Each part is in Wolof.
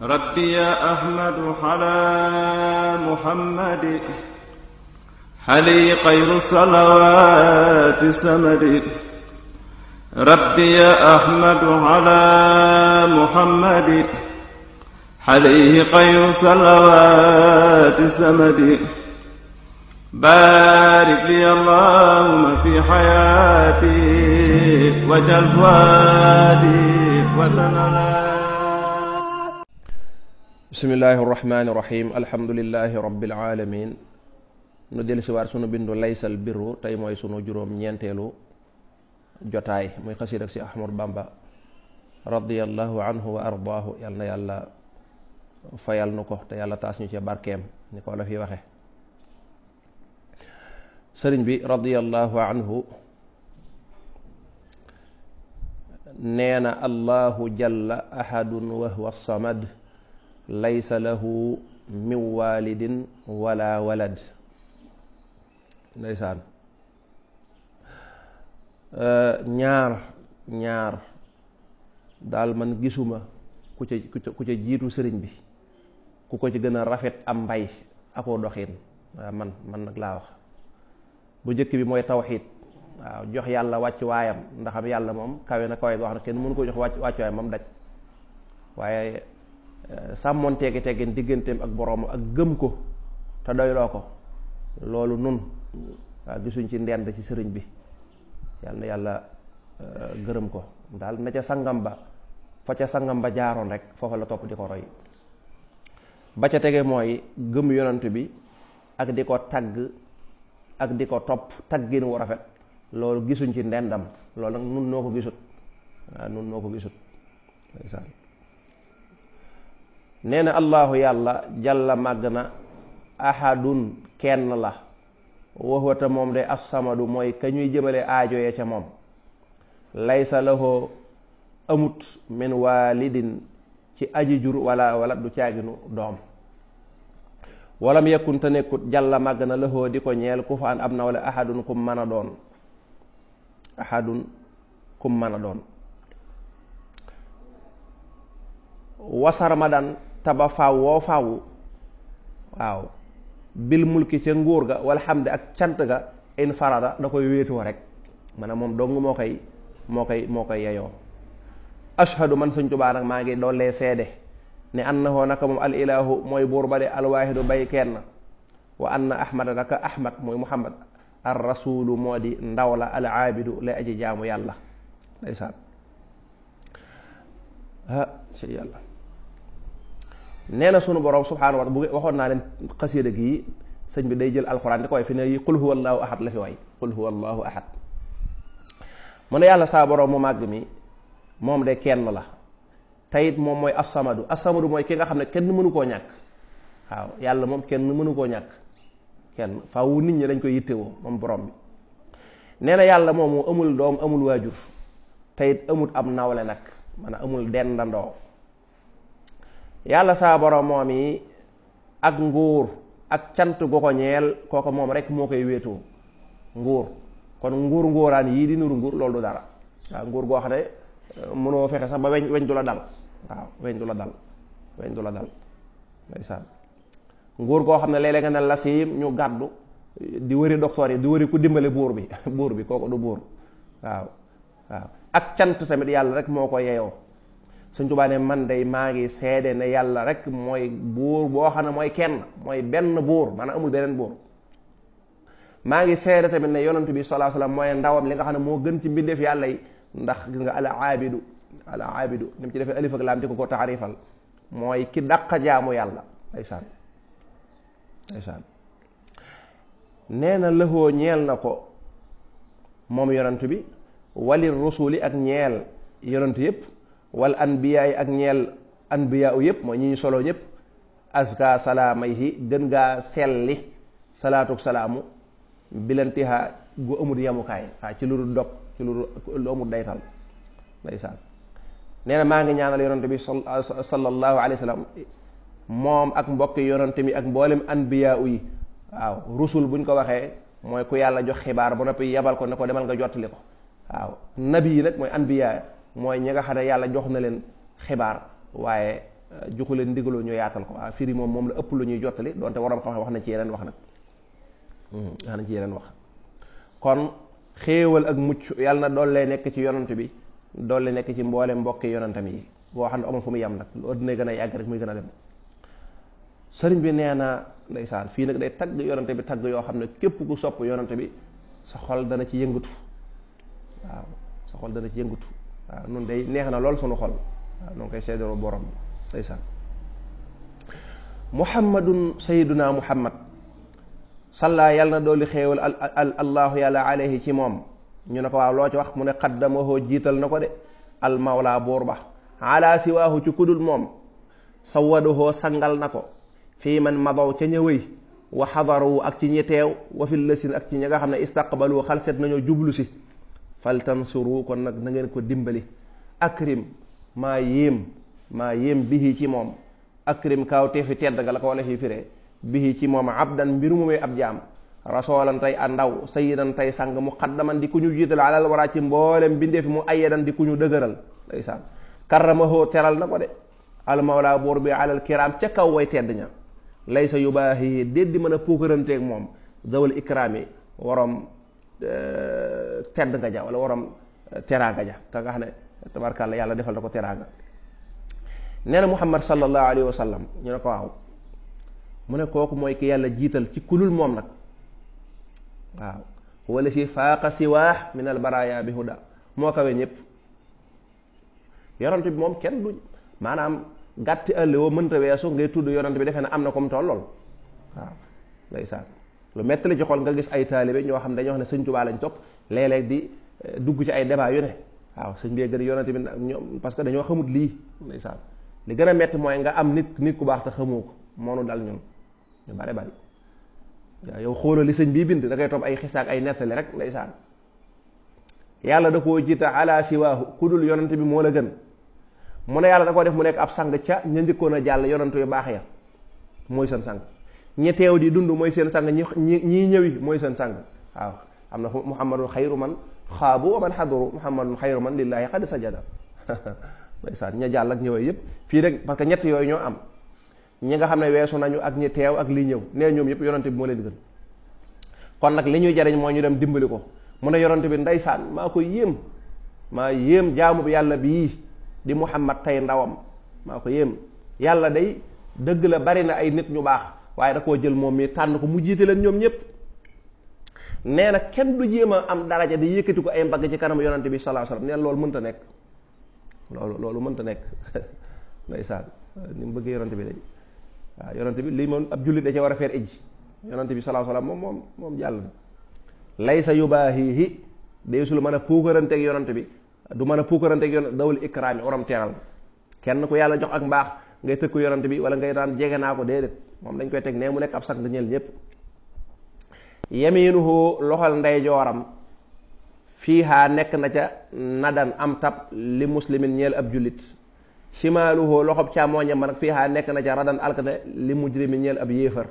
ربي أحمد على محمد حلي خير صلوات سمد ربي أحمد على محمد حليه خير صلوات سمد بارك لي اللهم في حياتي وجل وادي وتنالي bismillahi irrahmani irrahim alhamdulilahi rabbil alamin nu dellu sunu bindu laysal birru tey mooy sunu juróom ñeenteelu jotaay muy xasiid ak si ahmad bamba radiallahu ardaahu yal yàlla fayal nu ko te yàlla taas ñu ci barkeem ni ko la fi waxe sëriñ bi radiallahu anhu nee allahu jalla ahadun wa huwa samad laysa lahu min walidin wala walad ndeysaan ñaar ñaar daal man gisuma ku ca ku ca jiitu sëriñ bi ku ko ci gën a rafet am mbay akoo doxin waaw man man nag laa wax bu jëkk bi mooy tawxiid waaw jox yàlla wàccu waayam ndaxam yàlla moom kawe na kawe boo xam ne kenn mënu koo jox wàccu waayam moom daj waaye sàmmoon teegi teggin digganteem ak boroom ak gëm ko te doyloo ko loolu nun waaw gisuñ ci ndend ci sëriñ bi yal yàlla euh, gërëm ko daal na ca sangam ba fa ca sangam ba jaaroon rek foofa la topp di ko roy ba ca tege mooy gëm yonant bi ak di ko tagg ak di ko topp taggin wu rafet loolu gisuñ ci ndendam loolu nag nun noo ko gisut waaw nun noo ko gisut nee na allahu yàlla jàlla màgg na ahadun kenn la waxwata moom de assamadu mooy ka ñuy jëmale aajo ya ca moom laysa lahoo amut min waalidin ci aji jur wala wala du caaginu doom walam yekkunte nekkut jàlla màgg na lahoo di ko ñeel ku fa an ab ahadun kum mën a doon ahadun kum mën a doon wasarmadan taba faw woo faw waaw bil mulki ca nguur ga wala xam ne ak cant ga in farada da koy wéetoo rek maanaam moom dong moo koy moo koy moo koy yeyoo ashhadu man Sëñ Tuubaa maa ngi doollee seede ne annahu naka moom al ilahu mooy buur ba de alwaahidu bay kenn wa anna ahmada naka ahmad mooy muhammad ar rasulu moo di ndaw la al aabidu lay aji jaamu yàlla ndeysaan ah ci yàlla nee na sunu borom subhanahu wa taala waxoon naa leen xasiida gii sëñ bi day jël alxuraan di ko way fi ne yi qul huwa allahu ahad la fi way qul huwa ahad mu ne yàlla saa borom mu màgg mi moom de kenn la tayit moom mooy asamadu asamadu mooy ki nga xam ne kenn mënu koo ñàkk waaw yàlla moom kenn mënu koo ñàkk kenn faaw nit ñi lañ koy yittewoo moom boroom bi nee na yàlla moom moo amul doom amul waajur tayit amul am nawle nag a amul dendandoo yàlla saa moom yi ak nguur ak cant gu ko ñeel kooku moom rek moo koy wéetoo nguur kon nguur nguuraan yii di nuru nguur loolu dara waaw nguur goo xam ne euh, mënoo fexe sax ba weñ weñ du la dal waaw weñ du la dal weñ du nguur goo xam ne léeg-léeg nga ne lasiim ñu gàddu di wëri docteur yi di wëri ku dimbale buur bi buur bi kooku du buur waaw waaw ak cant tamit yàlla rek moo ko yeyoo Sëñ Tuubaa man dey maa ngi seede ne yàlla rek mooy buur boo xam ne mooy kenn mooy benn buur maanaam amul beneen buur maa ngi seede tamit ne yonent bi sallallahu alayhi wasallam mooy ndawam li nga xam ne moo gën ci mbindeef yàlla yi ndax gis nga al aabidu al aabidu ni ci defee alif ak laam di ko ko taarifal mooy ki dàq jaamu yàlla ndeysaan ndeysaan nee na lëxoo ñeel na ko moom yonent bi wali rusuli ak ñeel yonent yépp wal anbiyaa yi ak ñeel anbiyaa u yëpp mooy ñi ñu solo ñëpp aska salaamayhi gën gaa selli salaatuk salaamu bilantiha gu amul yemukaay waa ci lu dul dog ci lu lu amul daytal ndeysaan nee maa ngi ñaanal yonante bi sallallahu alayhi wa sallam moom ak mbokki yonante mi ak mboolem anbiyaa yi waaw rusul buñ ko waxee mooy ku yàlla jox xibaar ba noppi yebal ko ne ko demal nga jottali ko waaw nabi yi nag mooy anbiyaa mooy ñi nga xam yàlla jox na leen xibaar waaye euh, joxu leen ndigaloo ñu yaatal ko waaw firi moom moom la ëpp lu ñuy jottali donte waroom xam wax nañ ci yeneen wax nag hmm, wax ci yeneen wax kon xéewal ak mucc yàlla na doole nekk ci yonant bi doole nekk ci mboole mbokki yonantam yi boo xam ne amul fu mu yem nag lu adduna gën a yàgg rek muy gën a dem sëriñ bi nee na ndeysaan fii nag day tagg yonante bi tagg yoo xam ne képp ku sopp yonante bi sa xol dana ci yëngatu waaw sa xol dana ci yëngatu waaw nun de neex na lool sunu xol waaw nu ngi koy seedaru borom bi ndeysaan muhammadun sayyiduna muhammad salla yàlla na dooli xéewal al allahu yàlla alayhi ci moom ñu ne ko waaw loo ci wax mu ne xaddamahoo jiital na ko de al mawla buur ba ala siwaahu ci kudul moom sawadahoo sangal na ko fii man madaw ca ñëwëy wa wu ak ci ñi teew wa fi lësin ak ci ñi nga xam ne istaqbalu xalset nañoo jublu si faltansuru kon nag na ko dimbali akrim maa yéem maa yéem bihi ci moom akrim kaaw teefi tedd nga la ko wala fii firee bihi ci moom abdan mbiru mu muy ab jaam rasoolan tey a ndaw sayidan tey sang muqaddaman di ku ñu jiital alal waraa ci mboolem bindeefi mu ayyadan di ku ñu dëgëral ndeysaan karramahoo teral na ko de almawla boor bi alal kiraam ca kaw way tedd ña laysa yubaahi déet di mën a puukaranteeg moom zawal ikraami waroom Euh, tedd nga ja wala waram euh, teraanga ja te nga xam ne tabarkàlla yàlla defal na ko teraanga nee na muhammad sallallahu alayhi wa sallam ñu ne ko waaw mu ne kooku mooy ki yàlla jiital ci kulul moom nag waaw wala si faaqa siwaax min al baraya bi huda moo kawe ñépp yonent bi moom kenn du maanaam gàtti ëllëwoo mënta weesu ngay tudd yonent bi defe na am na comme tollool waaw lu métti la ci xol nga gis ay taalibe ñoo xam ne dañoo xam ne sëñ Tuubaa lañ topp léeg-léeg di eh, dugg ci ay débat yu ne waaw sëñ bee gën a yonante bi ñoom parce que dañoo xamut lii ndeysaan li gën a métti nga am nit nit ku baax te xamoo ko moonu dal ñun ñu bare bari waaw li sëñ bii bind da ngay topp ay xisaak ay nettali rek ndeysaan yàlla da koo jiita ala siwaahu ku dul yonante bi moo la gën mu ne yàlla da koo def mu nekk ab sang ca ña njëkkoon a jàll yonante yu baax ya mooy seen sang ñi teew di dund mooy seen sang ñi ñi ñëwi mooy seen sang waaw am na fu muhammadun xayru man xaabu wa man xaduru muhammadun xayru man lillaahi xad sajada ndeysaan ña jàll ak ñëwee yëpp fii rek parce que ñett yooyu ñoo am ñi nga xam ne weesu nañu ak ñi teew ak li ñëw nee ñoom yëpp yonante bi moo leen gën kon nag li ñuy jariñ mooy ñu dem dimbali ko mu a yonante bi ndeysaan maa ko yéem maa yéem jaamu yàlla bii di muhammad tey ndawam maa ko yéem yàlla day dëgg la bari na ay nit ñu baax waaye da koo jël moom mi tànn ko mu jiite leen ñoom ñëpp nee na kenn du jéem a am daraja di yëkkati ko ay mbagg ci kanam yonante bi sallallahu alayhi wasallam loolu mënta nekk loolu loolu mënta nekk ndeysaan bëggee yonante bi day waaw bi lii moom ab jullit da cee war a feer ijji yonante bi sallallahu alayhi wasallam moom moom moom jàll na laysa yubaahihi deesul mën a puukaranteeg yonante bi du mën a puukaranteeg yonante dawul ikraami oram teral kenn ku yàlla jox ak mbaax ngay ko yonante bi wala ngay daan jege naa ko déedéet moom dañ koy teg nee mu nekk ab sant ñeel ñépp yaminuhu loxol ndeyjooram nekk na ca nadan am tab li muslimin ñeel ab jullit shimaaluhu loxob càmmooñam ba nag fiihaa nekk na ca radan alkate li mujrimin ñeel ab yéefar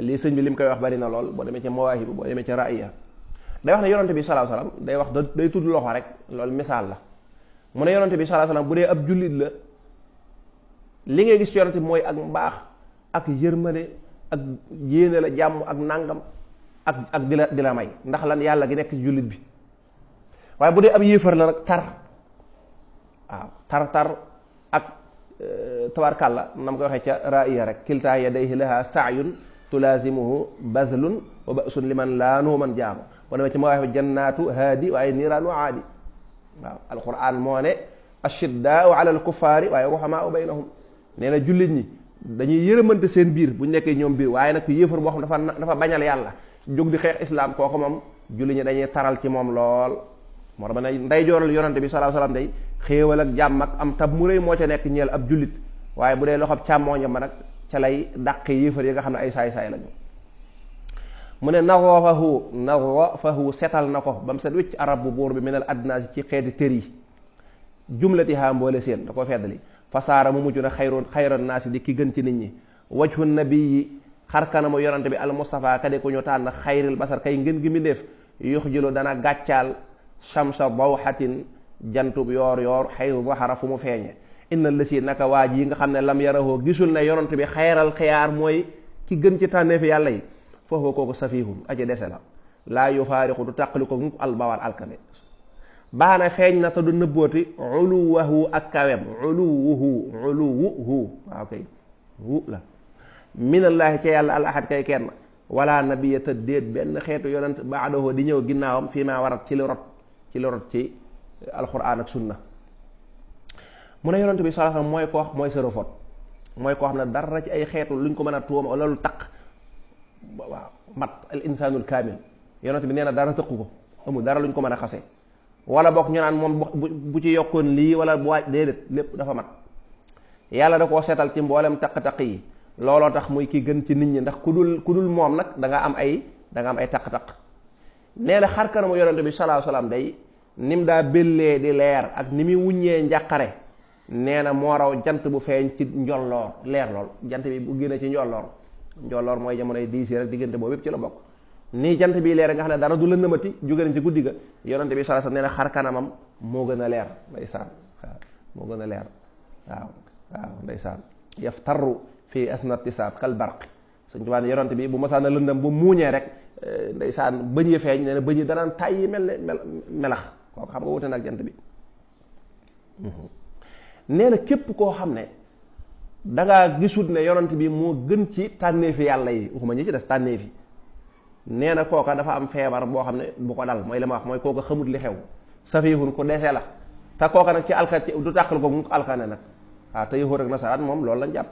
li sëñ bi li mu koy wax bari na lool boo demee ca mawaahibu boo demee ca raaya day wax ne yonante bi salaa day wax day tudd loxo rek loolu misaal la mu ne yonante bi salaa bu dee ab jullit la li ngay gis ci mooy ak mbaax ak yërmande ak yéene la jàmm ak nàngam ak ak di la may ndax lan yàlla gi nekk ci jullit bi waaye bu dee ab yéefar la nag tar tar tar ak euh, tabarkàlla nam koy waxee ca raaya rek kiltaa yadayhi laha saayun tulaazimuhu bazlun wa basun liman laa nuuman jaamu wana ma ci ma wax jannaatu haadi waaye niiraanu aadi waaw alquran moo ne ashiddaau waaye ruhamaau baynahum nee na jullit ñi dañuy yërëmante seen biir bu ñu nekkee ñoom biir waaye nag ku yéefar boo xam dafa dafa bañal yàlla jóg di xeex islam ko moom julli ñi dañuy taral ci moom lool moo tax ma ne nday yonante bi sallallahu alayhi wasallam day xéewal ak jàmm ak am tab mu rëy moo ca nekk ñeel ab jullit waaye bu dee loxob càmmooñam ma nag ca lay dàqe yéefar yi nga xam ne ay saay-saay lañu mu ne nawafahu nawafahu setal na ko ba mu set wicc arab bu buur bi minal adnaas ci xeeti tër yi jumlatiha mboole seen da ko feddali fasaara mu mujj na xayru xayran naasi di ki gën ci nit ñi wajhu nabiyi xar kanamu yonante bi al Mustafa kade ko ñu tànn xayril basar kay ngën gi mi def yux jilo dana gàccaal shamsa dawhatin jantub yoor yoor xayru baxara fu mu feeñe inna lësi naka waa ji yi nga xam ne lam yarahoo gisul ne yoront bi xayral xiyaar mooy ki gën ci tànneefi yàlla yi foofu kooku safihum aji dese la laa yufaariqu du tàqali ko mu bawal alkane baana feeñ na te du nëbbooti uluwahu ak kawem uluwuhu uluwuhu waaw kay wu la minallaahi ca yàlla al ahad kay kenn wala nabiya te déet benn xeetu yonent baadahoo di ñëw ginnaawam fii maa warat ci li ci li ci alquran ak sunna mu ne yonent bi sallallahu alayhi mooy koo mooy sërëfoot mooy koo xam ne dara ci ay xeetu luñ ko mën a tuuma wala lu taq waaw mat al insaanul kaamil bi nee na dara tëqu ko amul dara luñ ko mën a xase wala bokk ñu naan moom bu bu bu ci yokkoon lii wala bu waaj déedéet lépp dafa mat yàlla da koo seetal ci mboolem taq-taq yi looloo tax muy kii gën ci nit ñi ndax ku dul ku dul moom nag da nga am ay danga am ay taq-taq nee na xar kanamu yonente bi salaahu salaam day mu daa bellee di leer ak ni muy wuññee njàqare nee na moo raw jant bu feeñ ci njolloor leer lool jant bi bu génne ci njolloor njolloor mooy jamonoy diis rek diggante boobu ci la bokk nii jant bi leer nga xam ne dara du lëndëmati jóge nañ ci guddi ga yonante bi sallallahu alayhi wasallam xar kanamam moo gën a leer ndeysaan waaw moo gën a leer waaw waaw yaf yaftaru fii asna tisaab kal barq suñ tubaa ne yonante bi bu masaan a lëndëm bu muuñee rek eh, ndeysaan bëñ yi feeñ nee na bëñ yi danaan tàyyi mel ne melax kooku xam nga wute nag jant bi mhm. nee na képp koo xam ne dangaa gisut ne yonante bi moo gën ci tànneefi yàlla yi waxuma ñi ci des tànneefi nee na kooka dafa am feebar boo xam ne bu ko dal mooy li ma wax mooy kooka xamut li xew safihun ku dese la te kooka nag ci alka ci du tàqal ko mu alkane nag waaw ah, te yahuud ak nasaraan moom loolu lañ jàpp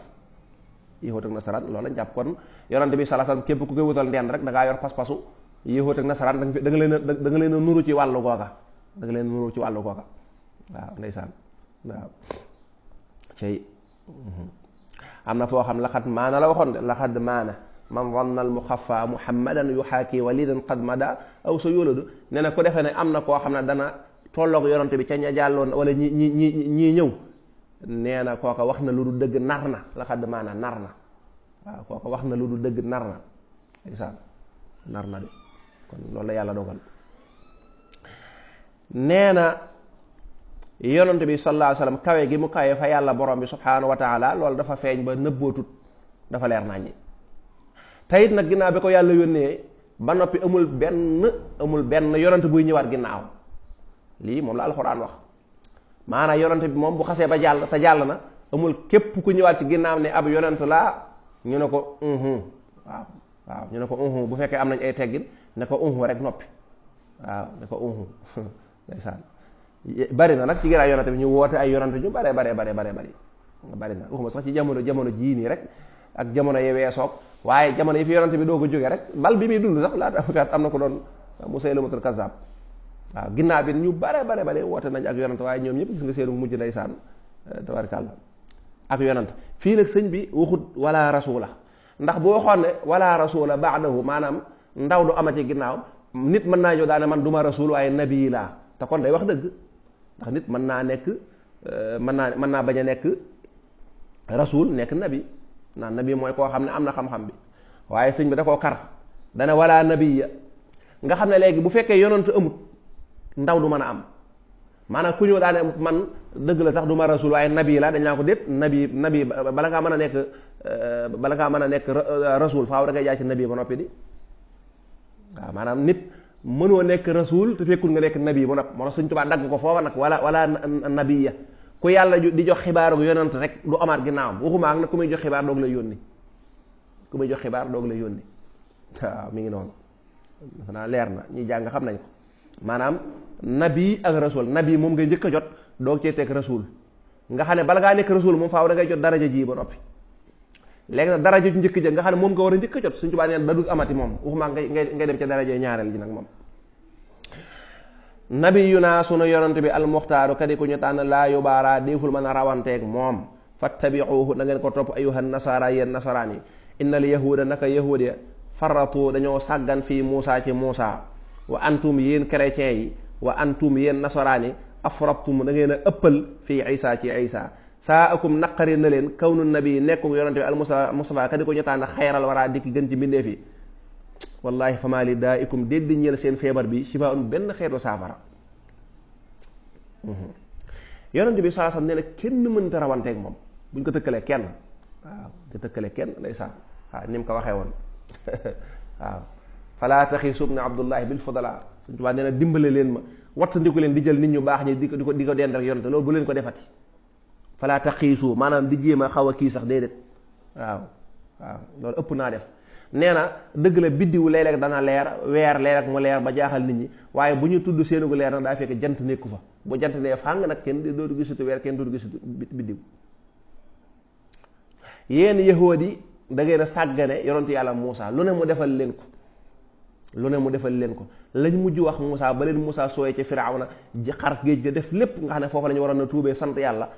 yahuud ak nasaraan loolu lañ jàpp kon yonante bi sallallahu képp ku koy wutal ndeen rek da ngaa yor pas-pasu yahuud ak nasaraan da nga leen a leen a nuru ci wàllu googa da leen a nuru ci wàllu googa waaw ndeysaan waaw cey mhm. am na foo xam laxat maana la waxoon de laxat maana man wanna al muxafa muhammadan yuxaaki walidan qad aw sa yóladu ne na ku defee ne am na koo xam ne dana tolloog yonante bi ca ña jàlloon wala ñi ñi ñi ñii ñëw nee na kooka wax na lu du dëgg nar na la xadd maana nar na waaw kooka wax na lu du dëgg nar na nar na de kon loolu la yàlla dogal nee na yonante bi sallallahu alayhi kawe gi mu kawe fa yàlla borom bi subhanahu wa taala loolu dafa feeñ ba nëbbootut dafa leer naññi teyit nag ginnaaw bi ko yàlla yónnee ba noppi amul benn amul benn yonent buy ñëwaat ginnaaw lii moom la alxuraan wax maanaa yonent bi moom bu xasee ba jàll te jàll na amul képp ku ñëwaat ci ginnaaw ne ab yonant laa ñu ne ko uhun waaw ñu ne ko uhun bu fekkee am nañ ay teggin ne ko uhun rek noppi waaw ne ko uhun ndeysaan na nag ci ginnaaw yonent bi ñu woote ay yonent ñu bare bare bare bare bari bari na sax ci jamono jamono jii nii rek ak jamono ye weesoog waaye jamono yi fi yonante bi doo ko jógee rek bal bi muy dund sax laata fi at am na ko doon Musaylamatul Kazzab waaw ginnaaw bi ñu bare bare bare woote nañ ak yonante waaye ñoom ñëpp gis nga seenu mujj ndeysaan eh, tabarkàlla ak yonant fii nag sëñ bi waxut wala rasula ndax boo waxoon ne wala rasula baadahu maanaam ndaw du amati ginnaaw nit mën naa ñëw daane man du ma rasul waaye nabii laa te kon day wax dëgg ndax nit mën naa nekk eh, mën naa mën naa bañ a nekk rasul nekk nabi naan nabi mooy koo xam ne am na xam-xam bi waaye sëñ bi da koo kar dana wala nabiya nga xam ne léegi bu fekkee yonent amut ndaw du mën a am maanaam ku ñëw daane man dëgg la sax du ma rasul waaye nabi la dañ laa ko déet nabi nabi bala ngaa mën a nekk euh, bala ngaa mën a nekk rasul faaw da ngay jaay ci nabi ba noppi di waaw maanaam nit mënoo nekk rasul te fekkul nga nekk nabi ba noppi moo tax Sëñ Tuubaa dagg ko foofa nag wala wala nabiya ku yàlla di jox xibaar ak rek du amaat ginnaawam waxuma ak nag ku muy jox xibaar doog la yónni ku muy jox xibaar doog la yónni waaw mi ngi noonu dafa naa leer na ñi jàng xam nañ ko maanaam nabi ak rasul nabi moom nga njëkk a jot doog cee teg rasul nga xam ne bala ngaa nekk rasul moom faaw a ngay jot daraja ji ba noppi léegi nag daraja ju njëkk ja nga xam ne moom nga war a njëkk a jot suñu tubaab neen da du amati moom waxuma ngay ngay dem ca daraja ñaareel ji nag moom nabiyuna sunu yonent bi almuxtaaru kadi ku ñu tànn laa yubaara déeful mën a rawanteeg moom fattabiuhu na ngeen ko topp ayuhan nasara yéen nasaraan yi innal yahuda naka yahud ya farratu dañoo sàggan fii muusa ci muusa wa antum yéen chrétiens yi wa antum yéen nasaraan yi afrabtum da ngeen a ëppal fii isa ci isa saa akum naqari na leen kawnu nabi nekku yonent bi al mustafa kadi ku ñu tànn xayral waraa dikk gën ci mbindeef yi wallahi famaa li daa ikum dédd ñeel seen feebar bi shifaa un benn xeetu saafara mhm. yonent bi saa sam nee na kenn mënta rawanteeg moom buñ ko tëkkalee kenn waaw te tëkkale kenn ndeysaan waaw ni mu ko waxee woon waaw falaa taxisub na abdullahi bil fudala suñ tubaa nee na dimbale leen ma wattandiku leen di jël nit ñu baax ñi di ko di ko di ko dend ak yonent loolu bu leen ko defati falaa taxiisu maanaam di jéem a xaw a kii sax dee waaw waaw loolu ëpp naa def nee na dëgg la biddiw léeg-léeg dana leer weer léeg mu leer ba jaaxal nit ñi waaye bu ñu tudd seenu leer nag daa fekk jant nekku fa bu jant nee fàng nag kenn dootu gisutu weer kenn dootu gisutu biddiw yéen yahood yi da ngeen a sàggane yonentu yàlla Muusa lu ne mu defal leen ko lu ne mu defal leen ko lañu mujj wax Muusa ba leen Muusa sooyee ca Firawna ji xar géej ga def lépp nga xam ne foofu la waroon a tuubee sant yàlla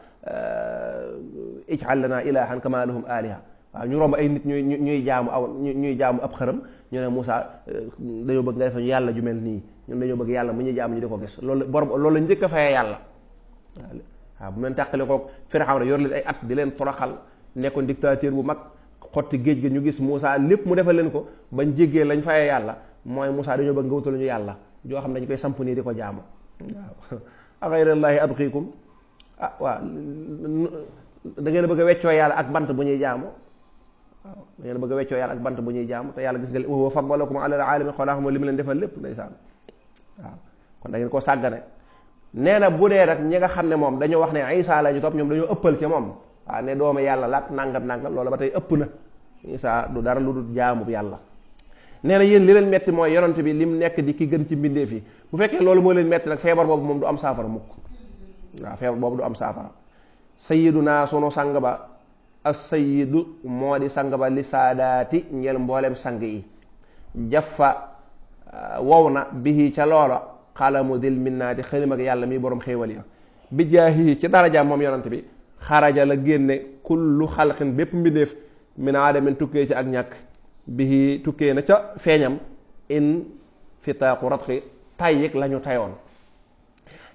ij'al lanaa naa kamaa lahum aaliha waaw ñu romb ay nit ñu ñuy jaamu aw ñuy jaamu ab xërëm ñu ne Moussa euh, dañoo bëgg nga defal ñu yàlla ju mel nii ñun dañoo bëgg yàlla mu ñu jaamu ñu di ko gis loolu bor loolu la njëkk a fayee yàlla waaw bu meen tàqale koog Firawna yor leen ay at di leen toroxal nekkoon dictateur bu mag xotti géej gi ñu gis Moussa lépp mu defal leen ko bañ jéggee lañ fayee yàlla mooy musa dañoo bëgg nga wutal lañu yàlla joo xam ne dañ koy samp nii di ko jaamu waaw axayrallaahi abxiikum ah waaw da ngeen bëgg a weccoo yàlla ak bant bu ñuy jaamu da ngeen bëgg a weccoo yàlla ak bant bu ñuy jaamu te yàlla gis nga wa faddalakum alal aalamiin xoolaa xam li mu leen defal lépp ndeysaan waaw kon da ngeen koo sàggane nee na bu dee nag ñi nga xam ne moom dañoo wax ne Isa la ñu topp ñoom dañoo ëppal ca moom waaw ne doomu yàlla laat nangam nangam loola ba tey ëpp na Isa du dara lu dul jaamu yàlla nee na yéen li leen metti mooy yonent bi li mu nekk di ki gën ci mbindeef yi bu fekkee loolu moo leen metti nag feebar moom du am saafara mukk waaw feebar boobu du am saafara sayyiduna assayidu moo di sang ba li saadaati ñeel mboolem sang yi jafa uh, wow na bihi ca loola xalamu dil minnaati xëlim ak yàlla mi borom xéewal ya bi jaahihi ci darajaam moom yonante bi xaraja la génne kullu xalqin bépp mbindeef min aadamin ci ak ñàkk bihi tukkee na ca feeñam in fitaaku ratxi tayyik lañu tayoon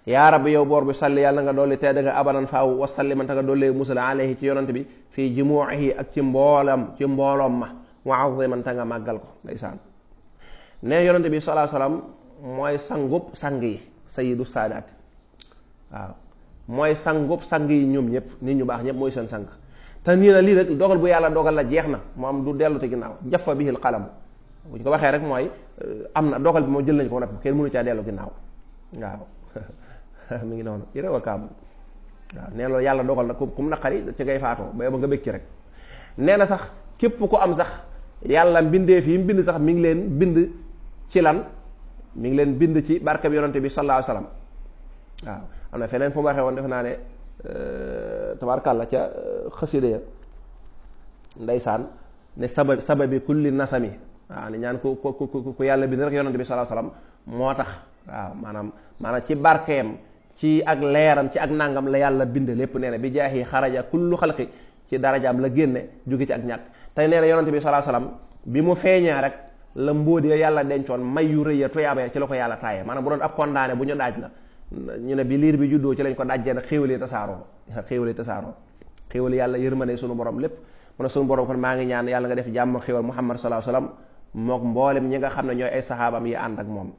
yaa rabbi yow boor bi salli yàlla nga dolli tedd nga salli faaw wasallimanta nga dollee musal alayhi ci yonant bi fii jimuuhi ak ci mboolam ci mbooloom ma wa nga màggal ko ndeysaan ne yonante bi salaa salaam mooy sangub sang yi sayidu saadaat waaw mooy sangub sang yi ñoom ñëpp nit ñu baax ñëpp mooy seen sang te nii na lii rek dogal bu yàlla dogal la jeex na moom du dellu te ginnaaw jafa bihil xalam bu ñu ko waxee rek mooy euh, am na dogal bi moo jël nañ ko nag kenn mënu caa dellu ginnaaw waaw mi ngi noonu yëre a kaabul waaw nee loolu yàlla dogal na kum naqari ci ngay faatoo ba ba nga bëgg ci rek nee na sax képp ku am sax yàlla mbindeef yi mu bind sax mi ngi leen bind ci lan mi ngi leen bind ci barke bi yonante bi sallallahu alayhi wasallam waaw woon def naa ne euh, tabaarkàlla ca euh, xasida ya ne sabab sababi kulli nasami waaw ne ñaan ku ku ku ku yàlla bi sallallahu alayhi wasallam moo tax waaw maanaam maanaam ci barkeem ci ak leeram ci ak nangam la yàlla bind lépp nee na bi jaahi xaraja kullu xalqi ci darajaam la génne jóge ci ak ñàkk tey nee na yonante bi salaa salaam bi mu feeñee rek la mbóode yàlla dencoon may yu rëy ya tuyaaba ci la ko yàlla taaye maanaam bu doon ab kondaane bu ñu daaj la ñu ne bi liir bi juddoo ci lañ ko dajjee nag xéewali tasaaroo xéewali tasaaroo xéewali yàlla yërmande sunu borom lépp mu ne sunu borom kon maa ngi ñaan yàlla nga def jàmm xéewal muhammad salaa salaam mook mboolem ñi nga xam ne ñooy ay saxaabam yi ànd ak moom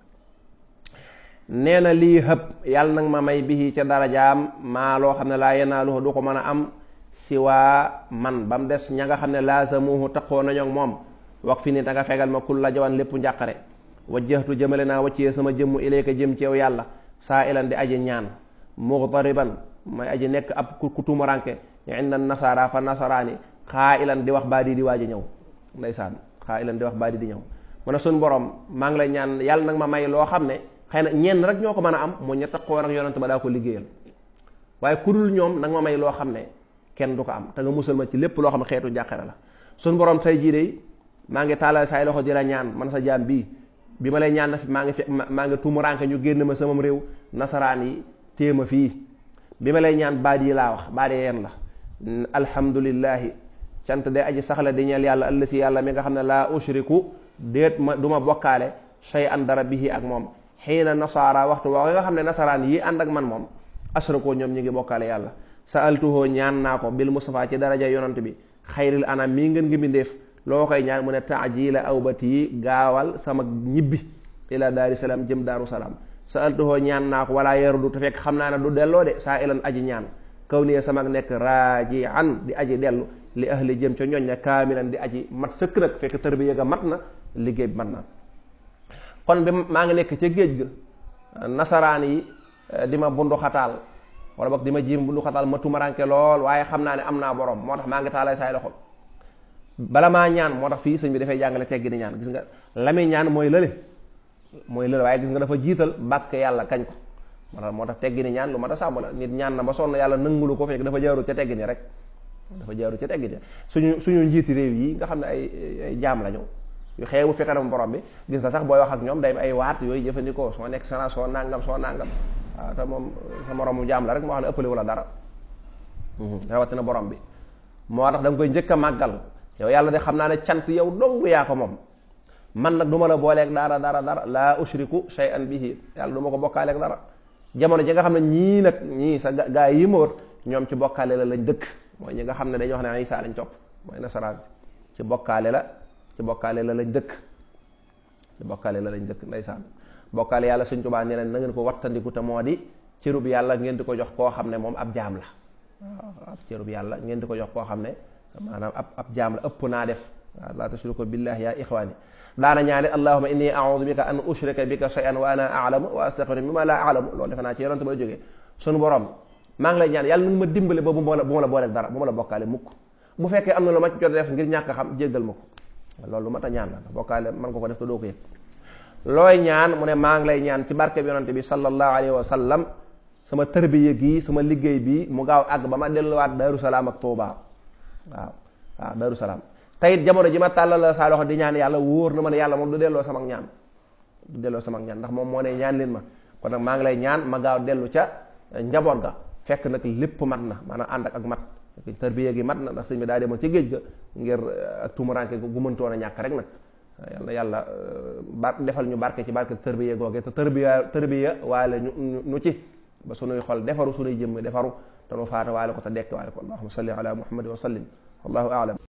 nee na lii hëb yàlla nag ma may bihi ca darajaam maa loo xam ne laa yenaaluhu du ko mën a am si waa man ba mu des ña nga xam ne laa sa laasamuhu taqoo nañoo moom wax fi ni da nga fegal ma kul la jawan lépp njàqare wajjahtu jëmale naa waccee sama jëmmu ilayka jëm ci yow yàlla saa ilan di aji ñaan muxtariban may aji nekk ab ku tumaranke inda nasaara fa nasaraani xaa ilan di wax baa di di waaji ñëw ndeysaan xaa ilan di wax baa di di ñëw loo xam ne xay na ñenn rek ñoo ko mën a am moo ña taxawoon ak yonent ba daa ko liggéeyal waaye ku ñoom nag ma may loo xam ne kenn du ko am te nga musal ma ci lépp loo xam ne xeetu njàqare la suñ borom tey jii de maa ngi taalal saay loxo di la ñaan man sa jaan bii bi ma lay ñaan na fi maa ngi fi maa ngi tuumuranke ñu génn ma sama réew nasaraan yi téema fii bi ma lay ñaan baa yi laa wax baat yeen la alhamdulillahi cant de aji saxla di ñeel yàlla ëllësi yàlla mi nga xam ne laa ushriku déet ma du ma bokkaale shay an dara bihi ak moom xëy na nasaara waxtu waa nga xam ne nasaraan yi ànd ak man moom asrakoo ñoom ñi ngi bokkaale yàlla sa altuhoo ñaan naa ko bil Mustafa ci daraja yonant bi xayril anam mii ngeen ngi bindeef loo koy ñaan mu ne taajila awbati yi gaawal sama ñibbi ila daari salaam jëm daaru salaam sa altuhoo ñaan naa ko walaa yarudu te fekk xam naa ne du delloo de saa ilan aji ñaan kaw nii sama nekk raaji an di aji dellu li ahli jëm ca ñooñ ne kaamilan di aji mat sëkk nag fekk tërbiya ga mat na liggéey bi mat na kon bi maa ngi lekk ca géej ga nasaraan yi eh, di ma bunduxataal wala boog di ma jiim bunduxataal ma tumaranke lool waaye xam naa ne am naa borom moo tax maa ngi taalay saay loxo bala maa ñaan moo tax fii sëñ bi dafay jàngale teggi ni ñaan gis nga la muy ñaan mooy lële mooy lële waaye gis nga dafa jiital bàkk yàlla kañ ko moo tax moo tax teggi ni ñaan lu ma ta sàmm la nit ñaan na ba sonn yàlla nangulu ko fekk dafa jaarul ca teggi ni rek dafa jaaru ca teggi suñu suñu njiiti réew yi nga xam ay ay jaam lañu yu xeebu fi kanam borom bi gis nga sax booy wax ak ñoom day ay waat yooyu jëfandikoo soo nekk naa soo nangam soo nangam waaw ah, moom sa moromu jaam la rek moo xam ne ëppale wala dara mm-hmm. rawatina borom bi moo tax da koy njëkk a màggal yow yàlla de xam naa ne cant yow dong yaa ko moom man nag du ma la booleeg dara dara dara laa ushriku shay'an bihi yàlla du ma ko bokkaaleeg dara jamono ji nga xam ne ñii nag ñii sa gaa yi ma ñoom ci bokkaale la lañ dëkk mooy ñi nga xam ne dañuy wax ne Isa lañ topp mooy nasaraan ci bokkaale la ci bokkaale la lañ dëkk ci bokkaale la lañ dëkk ndeysaan bokkaale yàlla suñ tubaa ne leen na ngeen ko wattandiku te moo di cërub yàlla ngeen di ko jox koo xam ne moom ab jaam la waaw ab yàlla ngeen di ko jox koo xam ne maanaam ab ab jaam la ëpp naa def waaw laa ko billahi yaa ixwaani daana ñaane allahuma inni audu bika an ushrika bika shay'an wa ana alamu wa astaghfiru mimma laa alamu loolu defe naa ci yonent ba la jógee sunu borom maa ngi lay ñaan yàlla nunu ma dimbale ba bu ma la bu dara bu ma la bokkaale mukk bu fekkee am na lu ma ci jot def ñàkk xam jéggal ma ko loolu lu mat a ñaan la bokkaale mën nga ko def te doo ko yëg looy ñaan mu ne maa ngi lay ñaan ci barke bi yonante bi sallallahu alayhi wa sallam sama tërbiya gii sama liggéey bi mu gaaw àgg ba ma delluwaat Daaru Salaam ak Touba waaw waaw Daaru Salaam tayit jamono ji ma tàllal la saa loxo di ñaan yàlla wóor na ma ne yàlla moom du delloo sama ñaan du delloo sama ñaan ndax moom moo ne ñaan leen ma kon nag maa ngi lay ñaan ma gaaw dellu ca njaboot ga fekk nag lépp mat na maanaam ànd ak mat tarbiya gi mat na ndax sëñ bi daa demoon ci géej ga ngir ak uh, tuumaranke gu mëntoon a ñàkk rek nag uh, yal na yàlla uh, bar defal ñu barke ci barke tarbiya googe te tarbiya tarbiya waale ñu ñu ci ba su nuy xol defaru sunuy jëmm defaru te nu faata waale ko te dekk waale ko allahumma salli ala muhammad wa sallim wallahu a'lam